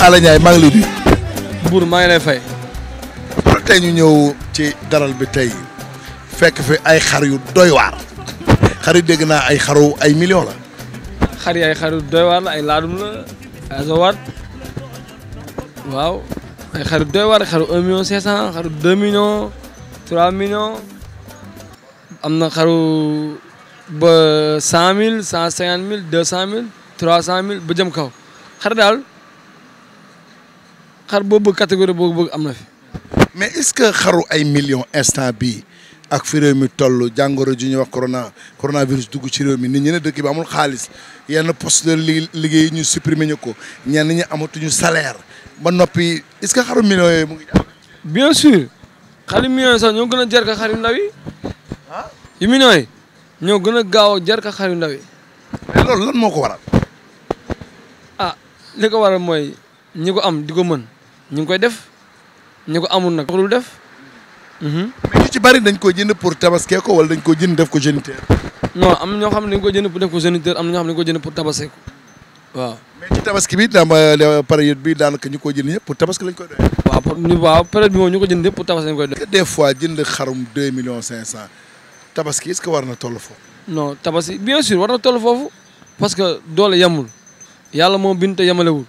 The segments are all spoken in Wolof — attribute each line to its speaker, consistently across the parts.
Speaker 1: Alla Ndiaye maa ngi lay nuyu. Mbour maa ngi lay fay. tey ñu ñëw ci daral bi tey fekk fi ay xar yu doy waar xar yu dégg naa ay xaru ay millions la.
Speaker 2: xar yi ay xar yu doy la ay laadum la ay azawaat waaw ay xar yu doy waar xaru 1 million 500 xaru 2 3 am na xaru ba cent mille cent cinquante mille deux cent mille trois cent mille ba jëm kaw xar daal xar boo bëgg catégorie boo am na fi.
Speaker 1: mais est-ce que xaru ay millions instant bii ak fi réew mi toll jàngoro ji ñuy wax corona coronavirus dugg ci réew mi nit ñi ne dëkk bi amul xaalis yenn poste de liggéey ñu supprimer ñu ko ñenn ñi amatuñu salaire ba noppi est-ce
Speaker 2: que xaru millions yooyu mu ngi. bien sûr xaru millions sax ñoo gën a jar ka xaru ndaw yu millions yi ñoo gën a gaaw jar ka xar yu ndaw yi. mais loolu lan moo ko waral. ah li ko waral mooy ñi ko am di ko mën ñu ngi koy def ñi ko amul nag dul def. Mhm. mais def
Speaker 1: ko géniteur.
Speaker 2: non am ñoo xam ne dañ ko jënd pour def ko géniteur am na ne dañ ko jënd pour tabaskee ko waaw.
Speaker 1: mais ci bi daa euh, période bi daanaka ñu ko jënd ñëpp pour tabaski lañ koy doyee. waaw pour ñu bi moom ñu ko jënd ñëpp pour tabaski lañ koy doyee. que des fois jënd xarum deux million cinq
Speaker 2: cent. tabaski est-ce war na toll foofu. non tabasi bien sûr war na toll foofu parce que doole yemul yàlla moom bind te yemalewul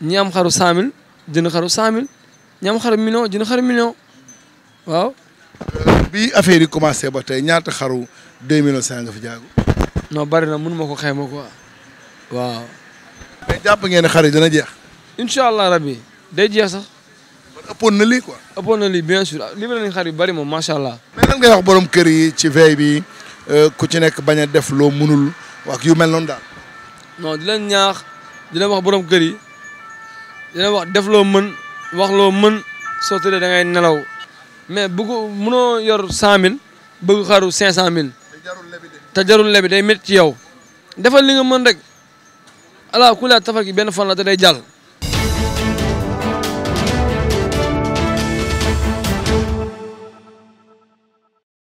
Speaker 2: ñi am xaru 100000 jënd xaru 100000 ñi am xaru million jënd xaru million waaw. Euh,
Speaker 1: bi affaire yi commencé ba tey ñaata xaru 2 millions 5 nga fi jaagu. non bari na mënuma ko xayma
Speaker 2: quoi waaw. mais jàpp ngeen ne xar yi dana jeex. incha allah rabbi day jeex sax. ëppoon na lii quoi. ëppoon na lii bien sûr livré nañ xar yu bari moom macha allah.
Speaker 1: mais lan ngay wax borom kër yi ci veille bi euh, ku ci nekk bañ def loo munul wak yu mel
Speaker 2: noonu daal. non di leen ñaax di leen wax borom kër yi di leen wax def loo mën wax loo mën soo tëddee da ngay nelaw mais bu ko mënoo yor cent bëgg xaru cinq cent jarul lebi day métti ci yow. defal li nga mën rek ala kulaa tafaki gi benn fan la day jàll.